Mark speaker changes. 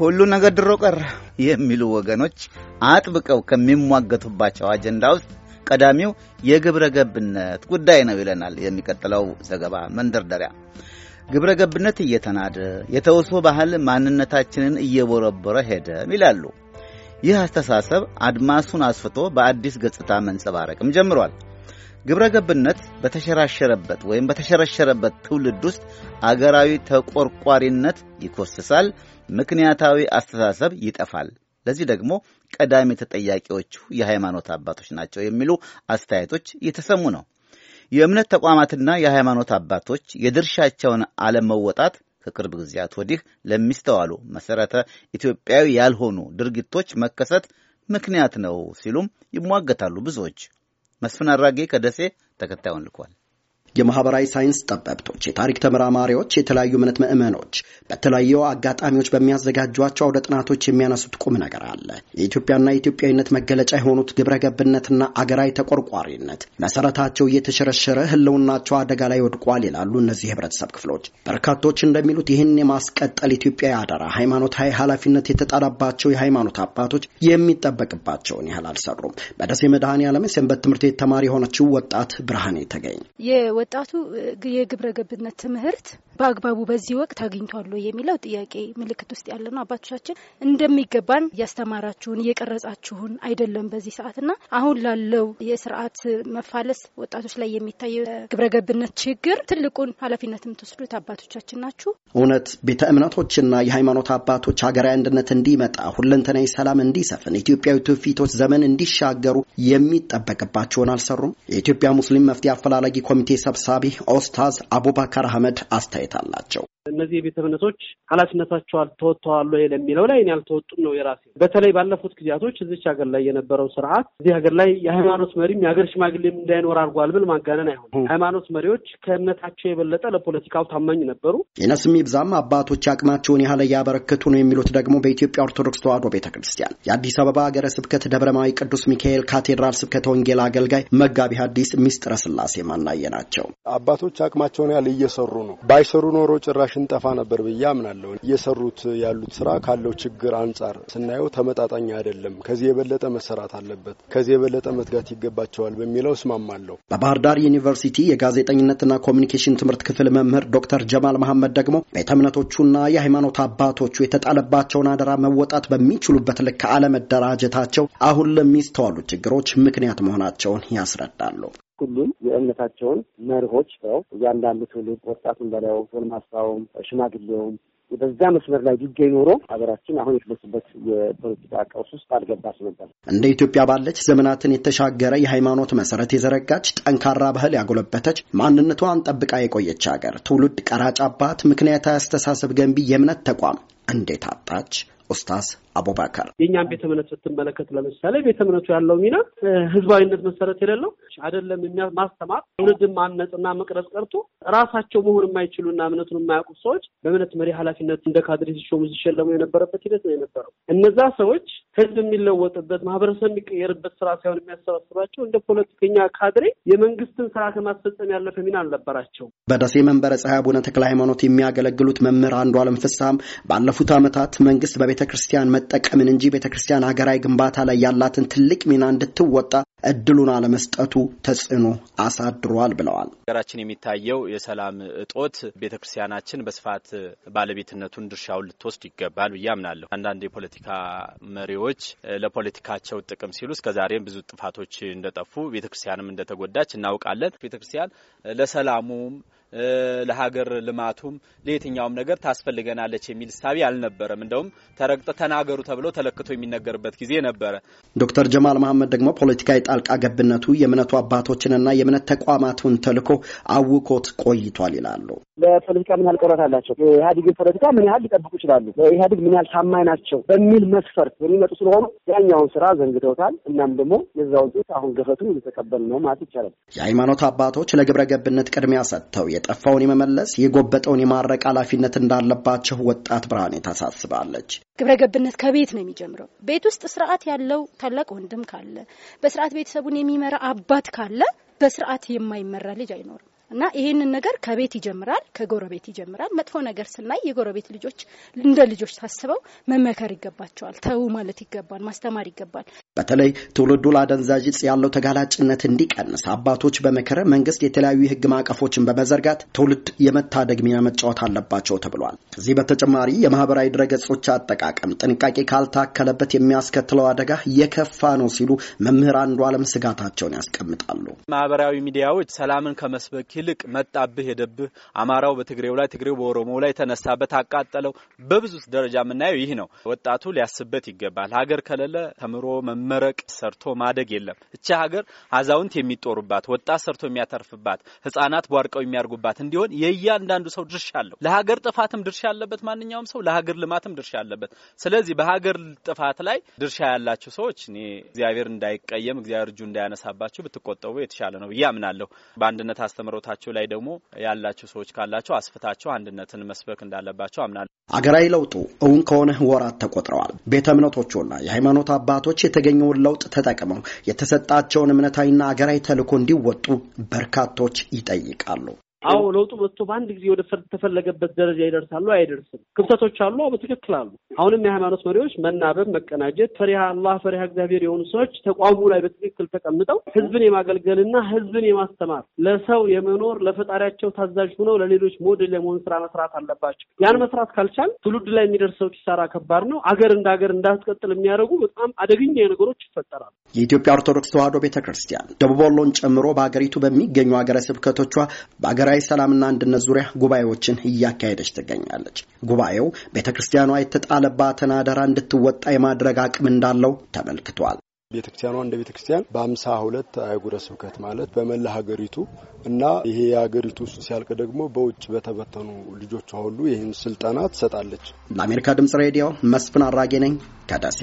Speaker 1: ሁሉ ነገር ድሮ ቀረ የሚሉ ወገኖች አጥብቀው ከሚሟገቱባቸው አጀንዳ ውስጥ ቀዳሚው የግብረ ገብነት ጉዳይ ነው ይለናል የሚቀጥለው ዘገባ መንደርደሪያ። ግብረ ገብነት እየተናደ የተውሶ ባህል ማንነታችንን እየቦረቦረ ሄደም ይላሉ። ይህ አስተሳሰብ አድማሱን አስፍቶ በአዲስ ገጽታ መንጸባረቅም ጀምሯል። ግብረ ገብነት በተሸራሸረበት ወይም በተሸረሸረበት ትውልድ ውስጥ አገራዊ ተቆርቋሪነት ይኮስሳል፣ ምክንያታዊ አስተሳሰብ ይጠፋል። ለዚህ ደግሞ ቀዳሚ ተጠያቂዎቹ የሃይማኖት አባቶች ናቸው የሚሉ አስተያየቶች እየተሰሙ ነው። የእምነት ተቋማትና የሃይማኖት አባቶች የድርሻቸውን አለመወጣት ከቅርብ ጊዜያት ወዲህ ለሚስተዋሉ መሠረተ ኢትዮጵያዊ ያልሆኑ ድርጊቶች መከሰት ምክንያት ነው ሲሉም ይሟገታሉ ብዙዎች። መስፍን አራጌ ከደሴ ተከታዩን ልኳል። የማህበራዊ ሳይንስ ጠበብቶች፣ የታሪክ ተመራማሪዎች፣ የተለያዩ እምነት ምዕመኖች በተለያዩ አጋጣሚዎች በሚያዘጋጇቸው አውደ ጥናቶች የሚያነሱት ቁም ነገር አለ። የኢትዮጵያና የኢትዮጵያዊነት መገለጫ የሆኑት ግብረ ገብነትና አገራዊ ተቆርቋሪነት መሰረታቸው እየተሸረሸረ ህልውናቸው አደጋ ላይ ወድቋል ይላሉ እነዚህ ህብረተሰብ ክፍሎች። በርካቶች እንደሚሉት ይህን የማስቀጠል ኢትዮጵያዊ አደራ ሃይማኖታዊ ኃላፊነት የተጣለባቸው የሃይማኖት አባቶች የሚጠበቅባቸውን ያህል አልሰሩም። በደሴ መድኃኔ የሰንበት ትምህርት ቤት ተማሪ የሆነችው ወጣት ብርሃኔ ተገኝ
Speaker 2: ወጣቱ የግብረ ገብነት ትምህርት በአግባቡ በዚህ ወቅት አግኝቷሉ የሚለው ጥያቄ ምልክት ውስጥ ያለ ነው። አባቶቻችን እንደሚገባን እያስተማራችሁን እየቀረጻችሁን አይደለም በዚህ ሰዓትና አሁን ላለው የስርዓት መፋለስ ወጣቶች ላይ የሚታየው ግብረ ገብነት ችግር ትልቁን ኃላፊነት የምትወስዱት አባቶቻችን ናችሁ።
Speaker 1: እውነት ቤተ እምነቶችና የሃይማኖት አባቶች ሀገራዊ አንድነት እንዲመጣ፣ ሁለንተናዊ ሰላም እንዲሰፍን፣ ኢትዮጵያዊ ትውፊቶች ዘመን እንዲሻገሩ የሚጠበቅባቸውን አልሰሩም። የኢትዮጵያ ሙስሊም መፍትሄ አፈላላጊ ኮሚቴ ሰብሳቢ ኦስታዝ አቡበከር አህመድ አስተያየት አላቸው።
Speaker 3: እነዚህ የቤተ እምነቶች ኃላፊነታቸው ተወጥተዋል ወይ ለሚለው ላይ እኔ አልተወጡም ነው የራሴ። በተለይ ባለፉት ጊዜያቶች እዚች ሀገር ላይ የነበረው ስርዓት እዚህ ሀገር ላይ የሃይማኖት መሪም የሀገር ሽማግሌም እንዳይኖር አድርጓል ብል ማጋነን አይሆን። ሃይማኖት መሪዎች ከእምነታቸው የበለጠ ለፖለቲካው ታማኝ ነበሩ።
Speaker 1: ይነስም ይብዛም አባቶች አቅማቸውን ያህል እያበረከቱ ነው የሚሉት ደግሞ በኢትዮጵያ ኦርቶዶክስ ተዋሕዶ ቤተ ክርስቲያን የአዲስ አበባ ሀገረ ስብከት ደብረማዊ ቅዱስ ሚካኤል ካቴድራል ስብከተ ወንጌል አገልጋይ መጋቢ ሐዲስ ሚስጥረ ስላሴ ማናየ ናቸው። አባቶች አቅማቸውን ያህል እየሰሩ ነው። ባይሰሩ ኖሮ ጭራሽ እንጠፋ ነበር ብዬ አምናለሁ። እየሰሩት ያሉት ስራ ካለው ችግር አንጻር ስናየው ተመጣጣኝ አይደለም። ከዚህ የበለጠ መሰራት አለበት፣ ከዚህ የበለጠ መትጋት ይገባቸዋል በሚለው እስማማለሁ። በባህር ዳር ዩኒቨርሲቲ የጋዜጠኝነትና ኮሚኒኬሽን ትምህርት ክፍል መምህር ዶክተር ጀማል መሐመድ ደግሞ ቤተ እምነቶቹና የሃይማኖት አባቶቹ የተጣለባቸውን አደራ መወጣት በሚችሉበት ልክ አለመደራጀታቸው አሁን ለሚስተዋሉ ችግሮች ምክንያት መሆናቸውን ያስረዳሉ።
Speaker 3: ሁሉም የእምነታቸውን መርሆች ነው እያንዳንዱ ትውልድ ወጣቱን በለው ጎልማሳውም ሽማግሌውም በዛ መስመር ላይ ቢገኝ ኖሮ ሀገራችን አሁን የተደስበት የፖለቲካ ቀውስ ውስጥ አልገባች ነበር።
Speaker 1: እንደ ኢትዮጵያ ባለች ዘመናትን የተሻገረ የሃይማኖት መሰረት የዘረጋች ጠንካራ ባህል ያጎለበተች ማንነቷን ጠብቃ የቆየች ሀገር ትውልድ ቀራጭ አባት ምክንያታዊ አስተሳሰብ ገንቢ የእምነት ተቋም እንዴት አጣች? ኡስታዝ አቡባከር
Speaker 3: የእኛም ቤተ እምነት ስትመለከት ለምሳሌ ቤተ እምነቱ ያለው ሚና ህዝባዊነት መሰረት የሌለው አይደለም። ማስተማር ትውልድን ማነጽና መቅረጽ ቀርቶ ራሳቸው መሆን የማይችሉና እምነቱን የማያውቁት ሰዎች በእምነት መሪ ኃላፊነት እንደ ካድሬ ሲሾሙ ሲሸለሙ የነበረበት ሂደት ነው የነበረው። እነዛ ሰዎች ህዝብ የሚለወጥበት ማህበረሰብ የሚቀየርበት ስራ ሳይሆን የሚያሰባስባቸው እንደ ፖለቲከኛ ካድሬ የመንግስትን ስራ ከማስፈጸም ያለፈ ሚና አልነበራቸው።
Speaker 1: በደሴ መንበረ ጸሐይ አቡነ ተክለ ሃይማኖት የሚያገለግሉት መምህር አንዱ አለም ፍሳም ባለፉት ዓመታት መንግስት በቤተ ክርስቲያን መጠቀምን እንጂ ቤተ ክርስቲያን ሀገራዊ ግንባታ ላይ ያላትን ትልቅ ሚና እንድትወጣ እድሉን አለመስጠቱ ተጽዕኖ አሳድሯል ብለዋል።
Speaker 2: ሀገራችን የሚታየው የሰላም እጦት ቤተ ክርስቲያናችን በስፋት ባለቤትነቱን ድርሻውን ልትወስድ ይገባል ብዬ አምናለሁ። አንዳንድ የፖለቲካ መሪዎች ለፖለቲካቸው ጥቅም ሲሉ እስከ ዛሬም ብዙ ጥፋቶች እንደጠፉ ቤተ ክርስቲያንም እንደተጎዳች እናውቃለን። ቤተ ክርስቲያን ለሰላሙም ለሀገር ልማቱም ለየትኛውም ነገር ታስፈልገናለች የሚል ሳቢ አልነበረም። እንደውም ተረግጠ ተናገሩ ተብሎ ተለክቶ የሚነገርበት ጊዜ ነበረ።
Speaker 1: ዶክተር ጀማል መሀመድ ደግሞ ፖለቲካዊ ጣልቃ ገብነቱ የእምነቱ አባቶችንና የእምነት ተቋማቱን ተልኮ አውኮት ቆይቷል ይላሉ።
Speaker 3: ለፖለቲካ ምን ያህል ቆረት አላቸው፣ የኢህአዴግን ፖለቲካ ምን ያህል ሊጠብቁ ይችላሉ፣ ለኢህአዴግ ምን ያህል ታማኝ ናቸው በሚል መስፈርት የሚመጡ ስለሆኑ ያኛውን ስራ ዘንግተውታል። እናም ደግሞ የዛውን አሁን ገፈቱን እየተቀበል ነው ማለት ይቻላል።
Speaker 1: የሃይማኖት አባቶች ለግብረ ገብነት ቅድሚያ ሰጥተው የጠፋውን የመመለስ የጎበጠውን የማድረቅ ኃላፊነት እንዳለባቸው ወጣት ብርሃኔ ታሳስባለች።
Speaker 2: ግብረ ገብነት ከቤት ነው የሚጀምረው። ቤት ውስጥ ስርዓት ያለው ታላቅ ወንድም ካለ፣ በስርዓት ቤተሰቡን የሚመራ አባት ካለ በስርዓት የማይመራ ልጅ አይኖርም። እና ይህንን ነገር ከቤት ይጀምራል፣ ከጎረቤት ይጀምራል። መጥፎ ነገር ስናይ የጎረቤት ልጆች እንደ ልጆች ታስበው መመከር ይገባቸዋል። ተው ማለት ይገባል፣ ማስተማር ይገባል።
Speaker 1: በተለይ ትውልዱ ለአደንዛዥ ያለው ተጋላጭነት እንዲቀንስ አባቶች በመከረ መንግስት የተለያዩ የህግ ማዕቀፎችን በመዘርጋት ትውልድ የመታደግ ሚና መጫወት አለባቸው ተብሏል። ከዚህ በተጨማሪ የማህበራዊ ድረገጾች አጠቃቀም ጥንቃቄ ካልታከለበት የሚያስከትለው አደጋ የከፋ ነው ሲሉ መምህር አንዱ አለም ስጋታቸውን ያስቀምጣሉ።
Speaker 2: ማህበራዊ ሚዲያዎች ሰላምን ከመስበክ ይልቅ መጣብህ፣ ሄደብህ፣ አማራው በትግሬው ላይ፣ ትግሬው በኦሮሞ ላይ ተነሳበት፣ አቃጠለው በብዙ ደረጃ የምናየው ይህ ነው። ወጣቱ ሊያስበት ይገባል። ሀገር ከሌለ ተምሮ መ መመረቅ ሰርቶ ማደግ የለም። እቺ ሀገር አዛውንት የሚጦሩባት፣ ወጣት ሰርቶ የሚያተርፍባት፣ ህጻናት ቧርቀው የሚያርጉባት እንዲሆን የእያንዳንዱ ሰው ድርሻ አለው። ለሀገር ጥፋትም ድርሻ አለበት ማንኛውም ሰው፣ ለሀገር ልማትም ድርሻ አለበት። ስለዚህ በሀገር ጥፋት ላይ ድርሻ ያላችሁ ሰዎች እኔ እግዚአብሔር እንዳይቀየም እግዚአብሔር እጁ እንዳያነሳባችሁ ብትቆጠቡ የተሻለ ነው ብዬ አምናለሁ። በአንድነት አስተምሮታችሁ ላይ ደግሞ ያላችሁ ሰዎች ካላችሁ አስፍታችሁ አንድነትን መስበክ እንዳለባቸው አምናለሁ።
Speaker 1: አገራዊ ለውጡ እውን ከሆነ ወራት ተቆጥረዋል። ቤተ እምነቶቹና የሃይማኖት አባቶች የተገኘ ያገኘውን ለውጥ ተጠቅመው የተሰጣቸውን እምነታዊና አገራዊ ተልዕኮ እንዲወጡ በርካቶች ይጠይቃሉ።
Speaker 3: አዎ ለውጡ መጥቶ በአንድ ጊዜ ወደ ተፈለገበት ደረጃ ይደርሳሉ? አይደርስም። ክፍተቶች አሉ፣ በትክክል አሉ። አሁንም የሃይማኖት መሪዎች መናበብ፣ መቀናጀት፣ ፈሪሃ አላህ ፈሪሃ እግዚአብሔር የሆኑ ሰዎች ተቋሙ ላይ በትክክል ተቀምጠው ህዝብን የማገልገልና ህዝብን የማስተማር ለሰው የመኖር ለፈጣሪያቸው ታዛዥ ሆነው ለሌሎች ሞዴል የመሆን ስራ መስራት አለባቸው። ያን መስራት ካልቻል ትውልድ ላይ የሚደርሰው ኪሳራ ከባድ ነው። አገር እንደ አገር እንዳትቀጥል የሚያደርጉ በጣም አደገኛ ነገሮች ይፈጠራሉ።
Speaker 1: የኢትዮጵያ ኦርቶዶክስ ተዋሕዶ ቤተ ክርስቲያን ደቡብ ወሎን ጨምሮ በሀገሪቱ በሚገኙ ሀገረ ስብከቶቿ በሀገረ በሀገራዊ ሰላምና አንድነት ዙሪያ ጉባኤዎችን እያካሄደች ትገኛለች። ጉባኤው ቤተ ክርስቲያኗ የተጣለባትን አደራ እንድትወጣ የማድረግ አቅም እንዳለው ተመልክቷል። ቤተ ክርስቲያኗ እንደ ቤተ ክርስቲያን በአምሳ ሁለት አህጉረ ስብከት ማለት በመላ ሀገሪቱ እና ይሄ የሀገሪቱ ውስጥ ሲያልቅ ደግሞ በውጭ በተበተኑ ልጆቿ ሁሉ ይህን ስልጠና ትሰጣለች። ለአሜሪካ ድምጽ ሬዲዮ መስፍን አራጌ ነኝ ከደሴ